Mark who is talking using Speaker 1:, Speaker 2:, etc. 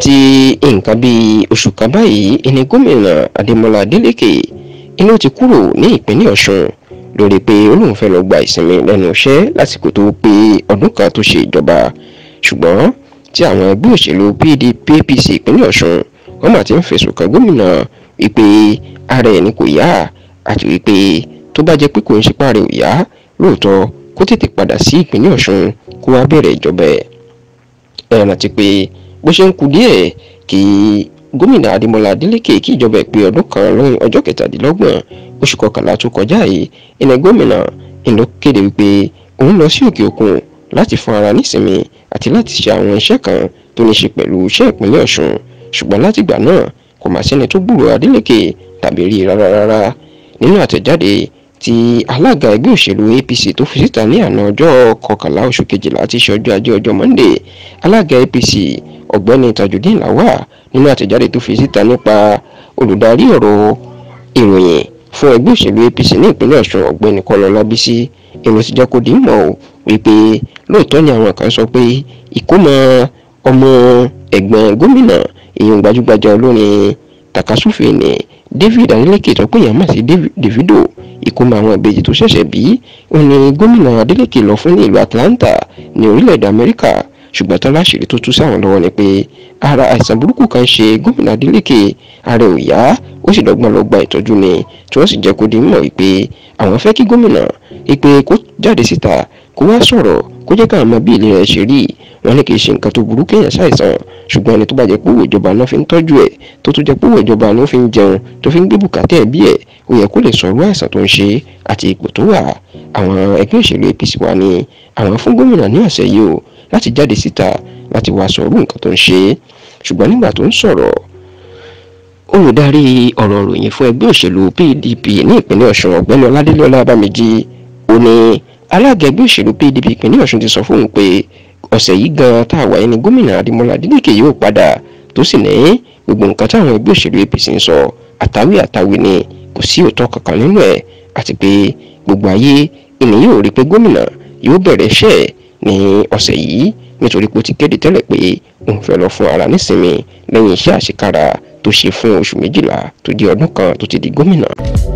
Speaker 1: láti nǹkan bíi oṣù kan báyìí ni gómìnà adémọlá adélèké inú ti kúrò ní ìpínlẹ̀ ọ̀ṣun lórí pé olóhùn fẹ́ lọ gba ìsinmi lẹ́nu iṣẹ́ lásìkò tó pé ọdún kan tó ṣe ìjọba ṣùgbọ́n tí àwọn ẹgbẹ́ òṣèlú pdp apc ìpínlẹ̀ ọ̀ṣun wọ́n mà ti ń fẹ̀sùn kan gómìnà wípé ara ẹni kò yá àti wípé tó bá jẹ́ pé kò ń ṣe páre ò yá kó tètè padà sí ìpínlẹ̀ ọ̀ṣun kó wá bẹ̀rẹ̀ ìjọba ẹ̀ ẹ̀ rántí pé bó ṣe ń kù díẹ̀ kí gómìnà Adémọ́lá Adélékè kí ìjọba ẹ̀ pé ọdún kan lóyún ọjọ́ kẹtàdínlọ́gbọ̀n oṣù kọkànlá tó kọjá yìí ìnà gómìnà ìlú kéde wípé òun lọ sí òkè òkun láti fún ara nísinmi àti láti ṣe àwọn iṣẹ́ kan tó ní ṣe pẹ̀lú iṣẹ́ ìpínlẹ̀ Ọ̀ṣun ṣùgbọ́n látìgbà náà kò mà sẹ́ni tó gbúrò Adélékè tàbí rí rárá rárá nínú àtẹ̀jáde tí alága ẹgbẹ́ òṣèlú APC tó fi síta ní àná ọjọ́ kọkànlá oṣù kejìlá tí ṣe ọjọ́ ajé ọjọ́ Monday alága APC ọ̀gbẹ́ni tajudeen lawal nínú àtẹ̀jáde tó fi síta nípa olùdarí ọ̀rọ̀ ìròyìn fún ẹgbẹ́ òṣèlú apc ní ìpínlẹ̀ ọ̀ṣun ọ̀gbẹ́ni kọ́lá ọlábísí èrò ti jẹ́ kó di mọ̀ ọ́ wípé lóòótọ́ ni àwọn kan sọ pé ìkómọ ọmọ ẹ̀gbọ́n gómìnà èèyàn gbajúgbajà olórin takasúfèé ni david adeleke tó pèyàn mà sí davido ìkómọ àwọn ìbejì tó ṣẹ̀ṣẹ̀ bí òun ni gómìnà adeleke lọ fún ní ìlú atlanta ní orílẹ̀-èdè ṣùgbọ́n tó láṣìírí tó tú sáwọn lọ́wọ́ ni pé ara àìsàn burúkú kan ṣe gómìnà Adeleke ara ò yá ó sì dọ́gbọ́n lọ gba ìtọ́jú ni tí wọ́n sì jẹ́ kó di mímọ̀ wípé àwọn fẹ́ kí gómìnà ìpè kó jáde síta kó wá sọ̀rọ̀ kó jẹ́ káà mọ bí ìlera ẹ̀ ṣe rí wọn ní kì í ṣe nǹkan tó burú kéèyàn ṣàìsàn ṣùgbọ́n ẹni tó bá jẹ́ pé owó ìjọba náà fi ń tọ́jú ẹ̀ tó tún jẹ́ pé owó ìjọba náà fi ń jẹun tó fi ń gbé bùkátà ẹbí ẹ̀ ó yẹ kó lè sọ irú àìsàn tó ń ṣe àti ipò tó wà àwọn ẹgbẹ́ òṣèlú APC wa ni àwọn fún gómìnà ní ọ̀sẹ̀ yìí o láti jáde síta láti wá sọ irú nǹkan tó ń ṣe ṣùgbọ́n nígbà tó ń sọ̀rọ̀ olùdarí ọ̀rọ̀ ròyìn fún ẹgbẹ́ òṣèlú PDP ní ìpínlẹ̀ Ọ̀ṣun ọ̀gbẹ́ni Ọládélé Ọlábàmíjì ó ní alága ẹgbẹ́ òṣèlú pdp ìpínlẹ̀ ọ̀ṣun ti sọ fóun pé ọ̀sẹ̀ yìí gan-an tá a wáyé ni gómìnà adémọlá adélèké yóò padà tó sì ní gbogbo nǹkan táwọn ẹgbẹ́ òṣèlú apc ń sọ àtàwí àtàwí ni kò sí òótọ́ kankan nínú ẹ̀ àti pé gbogbo ayé ìní yóò rí pé gómìnà yóò bẹ̀rẹ̀ iṣẹ́ ní ọ̀sẹ̀ yìí nítorí pé ó ti kéde tẹ́lẹ̀ pé òun fẹ́ lọ fún ara nísinmi lẹ́yìn iṣẹ́ àṣekára tó ṣe fún oṣù méjìlá tó di ọdún kan tó ti di gómìnà.